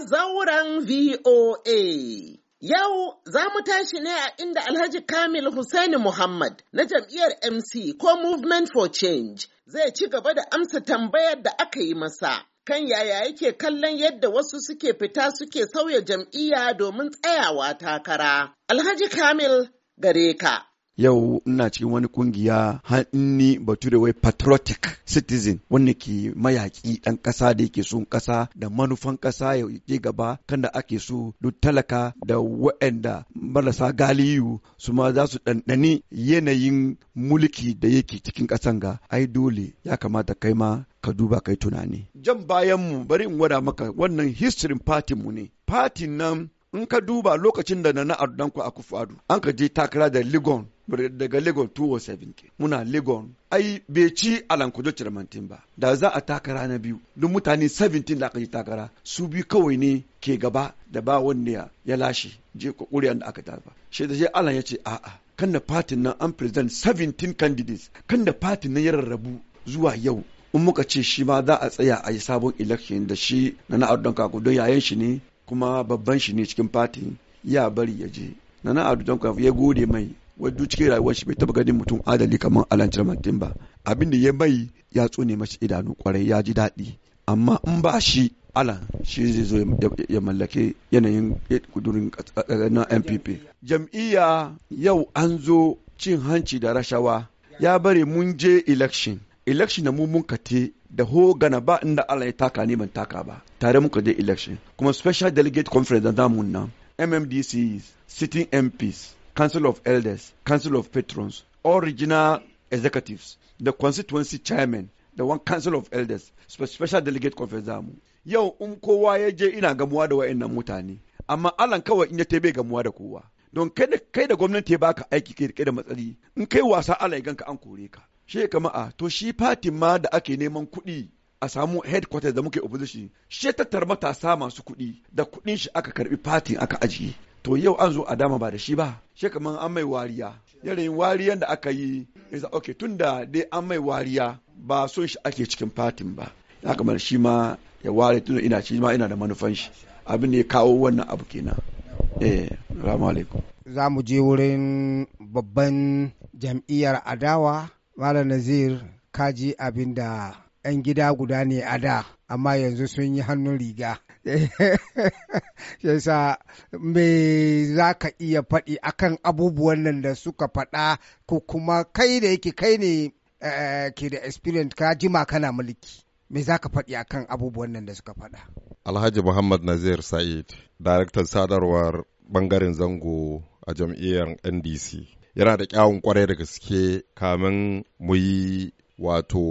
zauren VOA. Yau za mu tashi ne a inda Alhaji Kamil Hussaini Muhammad na jam'iyyar MC ko Movement for Change zai ci gaba da amsa tambayar da aka yi masa. Kan yaya yake kallon yadda wasu suke fita suke sauya jam'iyya domin tsayawa takara. Alhaji Kamil gare ka. yau ina cikin wani kungiya hanni bature wai patriotic citizen wanda ke mayaƙi ɗan kasa da yake son kasa da manufan ƙasa ya yake gaba kan da ake so duk talaka da waɗanda marasa galiyu su ma za su ɗanɗani yanayin mulki da yake cikin ƙasan ga ai dole ya kamata kai ma ka duba kai tunani jan bayan mu bari in gwada maka wannan history party mu ne party nan in ka duba lokacin da na na ku a kufadu an ka je takara da ligon daga legon 207 muna legon ai bai ci alankojo cirmantin ba da za a takara na biyu duk mutane 17 da aka yi takara su bi kawai ne ke gaba da ba wanda ya lashe je kuri da aka tafa shi da shi alan ya ce a'a kan da fatin nan an present 17 candidates kan da fatin nan ya rarrabu zuwa yau in muka ce shi ma za a tsaya a yi sabon election da shi na na'adu don kaku don yayan shi ne kuma babban shi ne cikin fatin ya bari ya je na na'adu don ya gode mai wadda cikin rayuwar shi bai taba ganin mutum adali kamar Alan Tirmantin ba abin da ya bai ya tsone mashi idanu kwarai ya ji daɗi amma in ba shi Alan shi zai zo ya mallake yanayin kudurin na MPP jam'iyya yau an zo cin hanci da rashawa ya bari mun je election election da mu mun kate da ho gana ba inda Allah ya taka ne ban taka ba tare muka je election kuma special delegate conference da zamun nan MMDC sitting MPs Council of Elders, Council of Patrons, all regional executives, the constituency chairman, the one Council of Elders, special delegate conference zamu. Yau in um, kowa ya je ina gamuwa da wa'annan mutane, amma Allah kawai in ya tebe gamuwa da kowa. Don kai da kai da gwamnati ya baka aiki kai da matsali, in kai wasa Allah ya ganka an kore ka. Shi kama a ah, to shi ma da ake neman kuɗi a samu headquarters da muke opposition shi tattar matasa masu kuɗi da kuɗin shi aka karɓi fatin aka ajiye to yau an zo a dama ba da shi ba shi kamar an mai wariya yanayin wariyan da aka yi yanzu ok tun da dai an mai wariya ba son shi ake cikin fatin ba ya kamar shi ma ya ware tun ina shi ma ina da manufan shi abin da ya kawo wannan abu kenan eh salamu alaikum za mu je wurin babban jam'iyyar adawa malam nazir kaji abin da 'yan gida guda ne a da amma yanzu sun yi hannun riga yasa me za ka iya faɗi akan abubuwan nan da suka faɗa ko kuma kai da yake kai ne eh, ke da experience ka jima kana mulki me za ka faɗi akan abubuwan nan da suka faɗa alhaji muhammad nazir sa'id daraktan sadarwar bangaren zango a jam'iyyar ndc yana da kyawun kwarai da gaske kamin mu yi wato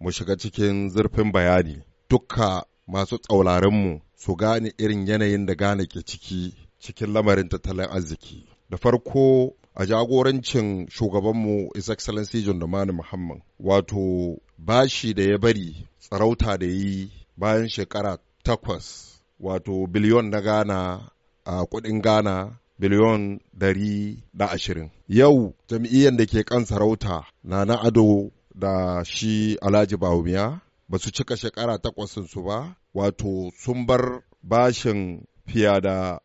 mu shiga cikin zurfin bayani dukka masu tsauraranmu su gane irin yanayin da gane ke ciki cikin lamarin tattalin arziki da farko a jagorancin shugabanmu is excellency john domani muhammad wato bashi da ya bari tsarauta da yi bayan shekara takwas wato biliyon na gana a kudin gana biliyon dari da ashirin yau jam'iyyar da ke kan sarauta na na ado da shi Alhaji Bahumiya ba su cika shekara takwas su ba, wato sun bar bashin fiya da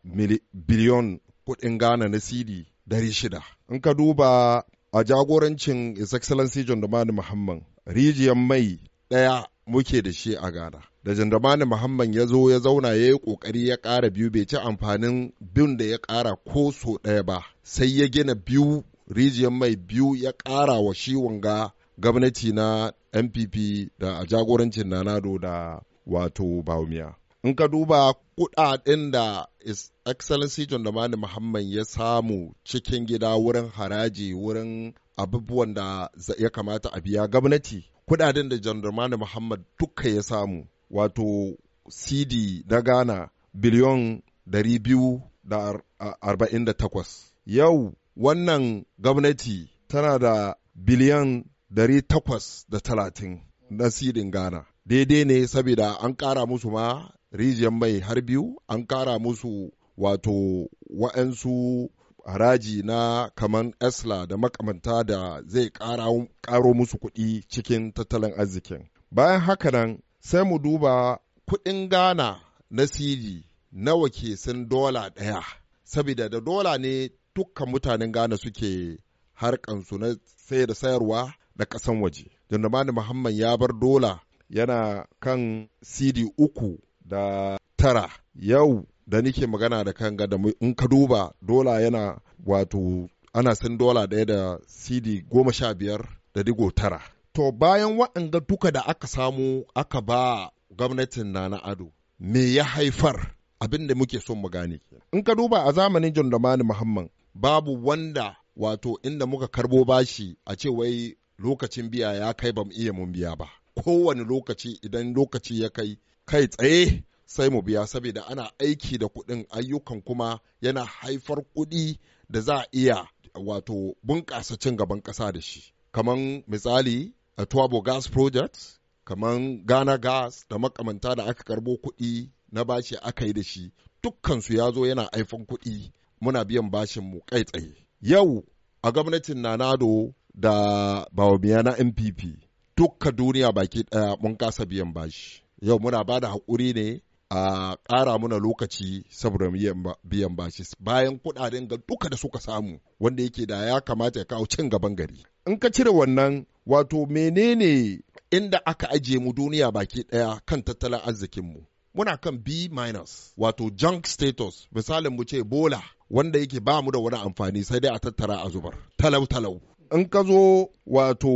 biliyon kuɗin Ghana na CD dari shida. In ka duba a jagorancin His Excellency John Dramani Muhammad rijiyar mai ɗaya muke da shi a Ghana. Da John Dramani Muhammad ya zo ya zauna ya yi ƙoƙari ya ƙara biyu bai ci amfanin bin da ya ƙara ko so ɗaya ba sai ya gina biyu rijiyar mai biyu ya ƙara wa shi wanga gwamnati na npp da a jagorancin nanado da wato baumiya in ka duba kudaden da excellency john damani muhammad ya samu cikin gida wurin haraji wurin abubuwan da ya kamata a biya gwamnati kudaden da john damani muhammad duka ya samu wato cd na ghana biliyon 248 yau wannan gwamnati tana da biliyan 830 na sidin Ghana. Daidai ne saboda an ƙara musu ma rijiyar mai har biyu, an kara musu wato wa'ansu haraji na kaman Esla da makamanta da zai ƙaro musu kuɗi cikin tattalin arzikin. Bayan haka nan sai mu duba kuɗin Ghana na sidi nawa ke sun dola ɗaya, saboda da dola ne dukkan mutanen Ghana suke harkansu na sayar da sayarwa na ƙasan waje. Dundumani Muhammad ya bar dola yana kan CD uku da tara yau da nike magana da kan ga in ka duba dola yana wato ana san dola ɗaya da CD goma sha biyar da digo tara. To bayan waɗanga duka da aka samu aka ba gwamnatin na na ado me ya haifar abin da muke son mu gane in ka duba a zamanin John Muhammad babu wanda wato inda muka karbo bashi a ce wai lokacin biya ya kai ba mu iya mun biya ba kowane lokaci idan lokaci ya kai kai tsaye sai mu biya saboda ana aiki da kuɗin ayyukan kuma yana haifar kuɗi da za a iya wato bunƙasa cin gaban ƙasa da shi Kaman misali a tuwabo Gas Project kaman Ghana Gas da makamanta da aka karbo kuɗi na bashi aka yi da shi dukkansu ya zo yana haifan kuɗi muna biyan bashin mu kai tsaye yau a gwamnatin Nanado da bawamiyana mpp npp dukka duniya baki ɗaya mun kasa biyan bashi yau muna ba da haƙuri ne a ƙara muna lokaci saboda biyan bashi bayan kuɗaɗen ga duka da suka samu wanda yake da ya kamata ya kawo cin gaban gari in ka cire wannan wato menene inda aka ajiye mu duniya baki ɗaya kan tattalin arzikin mu? muna kan b minus wato junk status misalin mu ce bola wanda yake ba mu da wani amfani sai dai a tattara a zubar talau talau in ka zo wato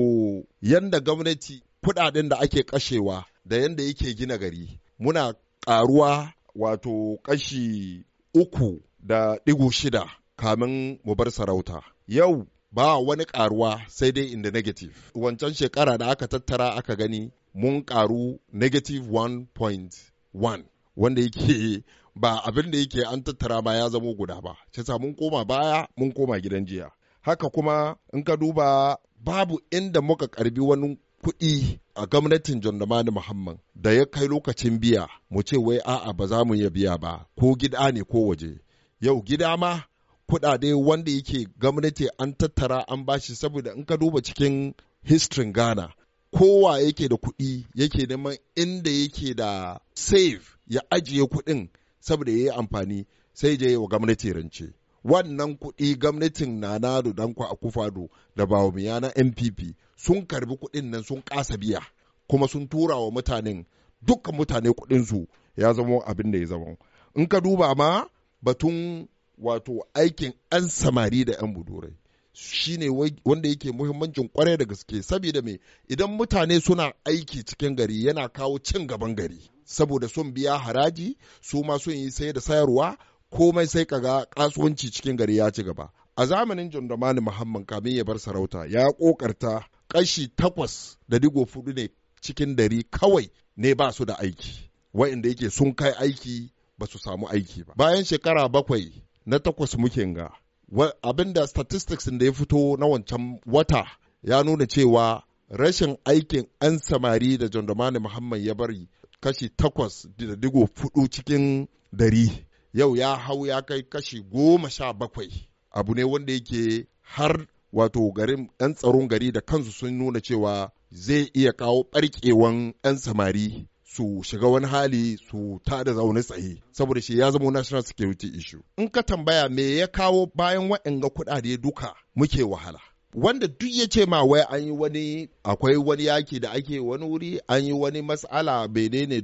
yanda gwamnati kuɗaɗen da ake kashewa da yanda yake gina gari muna ƙaruwa wato kashi uku da digu shida kamin mu bar sarauta yau ba wani karuwa sai dai in the negative wancan shekara da aka tattara aka gani mun karu negative 1.1 wanda yake ba abin da yake an tattara ba ya zamo guda ba. Cisa mun koma baya mun koma gidan jiya. haka kuma in ka duba babu inda muka karbi wani kuɗi a gwamnatin John Dramani Muhammad da ya kai lokacin biya mu ce wai a'a ba za mu iya biya ba ko gida ne ko waje yau gida ma kuɗaɗe wanda yake gwamnati an tattara an bashi saboda in ka duba cikin history Ghana kowa yake da kuɗi yake neman inda yake da save ya ajiye kuɗin saboda ya yi amfani sai je wa gwamnati rance wannan kuɗi gwamnatin na na da danko akufado da bawumiya na npp sun karbi kuɗin nan sun kasa biya kuma sun tura wa mutanen dukkan mutane kuɗinsu ya zama abin da ya zama in ka duba ma batun wato aikin an samari da 'yan budurai shine wanda yake muhimmancin kwarai da gaske saboda me idan mutane suna aiki cikin gari yana kawo cin gaban gari saboda sun biya haraji su ma sun yi sai da sayarwa komai sai kaga kasuwanci cikin gari ya ci gaba a zamanin John Muhammad kamin ya bar sarauta ya kokarta kashi takwas da digo fudu ne cikin dari kawai ne ba su da aiki wa'inda yake sun kai aiki ba su samu aiki ba bayan shekara bakwai na takwas muke ga abinda statistics da ya fito na wancan wata ya nuna cewa rashin aikin an samari da John Muhammad ya bari kashi takwas da digo fudu cikin dari yau ya hau ya kai kashi goma sha bakwai abu ne wanda yake har wato garin 'yan tsaron gari da kansu sun nuna cewa zai iya kawo barkewan 'yan samari su shiga wani hali su ta da zaune tsaye saboda shi ya zama national security issue in ka tambaya me ya kawo bayan waɗanga kuɗaɗe duka muke wahala wanda duk ya ce ma wai an yi wani akwai wani yaki da ake wani wuri an yi wani mas'ala menene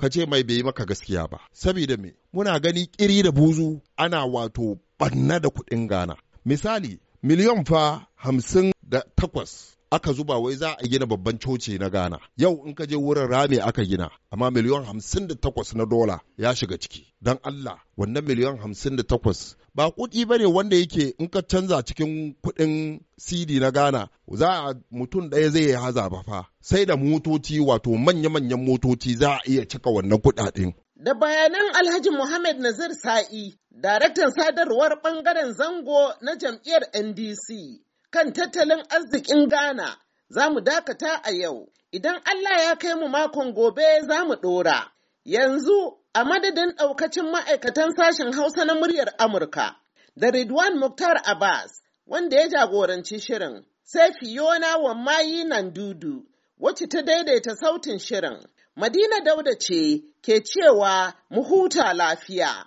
ka ce mai bai yi maka gaskiya ba saboda me muna gani kiri da buzu ana wato banna da kuɗin gana. misali miliyan fa hamsin da takwas aka zuba wai za a gina babban coci na Ghana. Yau in ka je wurin rami aka gina, amma miliyon hamsin da takwas na dola ya shiga ciki. Don Allah, wannan miliyon hamsin da takwas ba kuɗi bane wanda yake in ka canza cikin kuɗin CD na Ghana za a mutum ɗaya zai yi haza ba fa. Sai da motoci wato manya-manyan motoci za a iya cika wannan kuɗaɗen. Da bayanan Alhaji Muhammad Nazir Sa'i, daraktan sadarwar bangaren zango na jam'iyyar NDC. kan tattalin arzikin Ghana za mu dakata a yau. Idan Allah ya kai mu makon gobe za mu ɗora. Yanzu a madadin ɗaukacin ma'aikatan sashen Hausa na muryar Amurka da Ridwan mukhtar Abbas wanda ya jagoranci shirin, sai Fiona Wammayi Nandudu wacce ta daidaita sautin shirin. Madina Dauda ce ke cewa mu huta lafiya.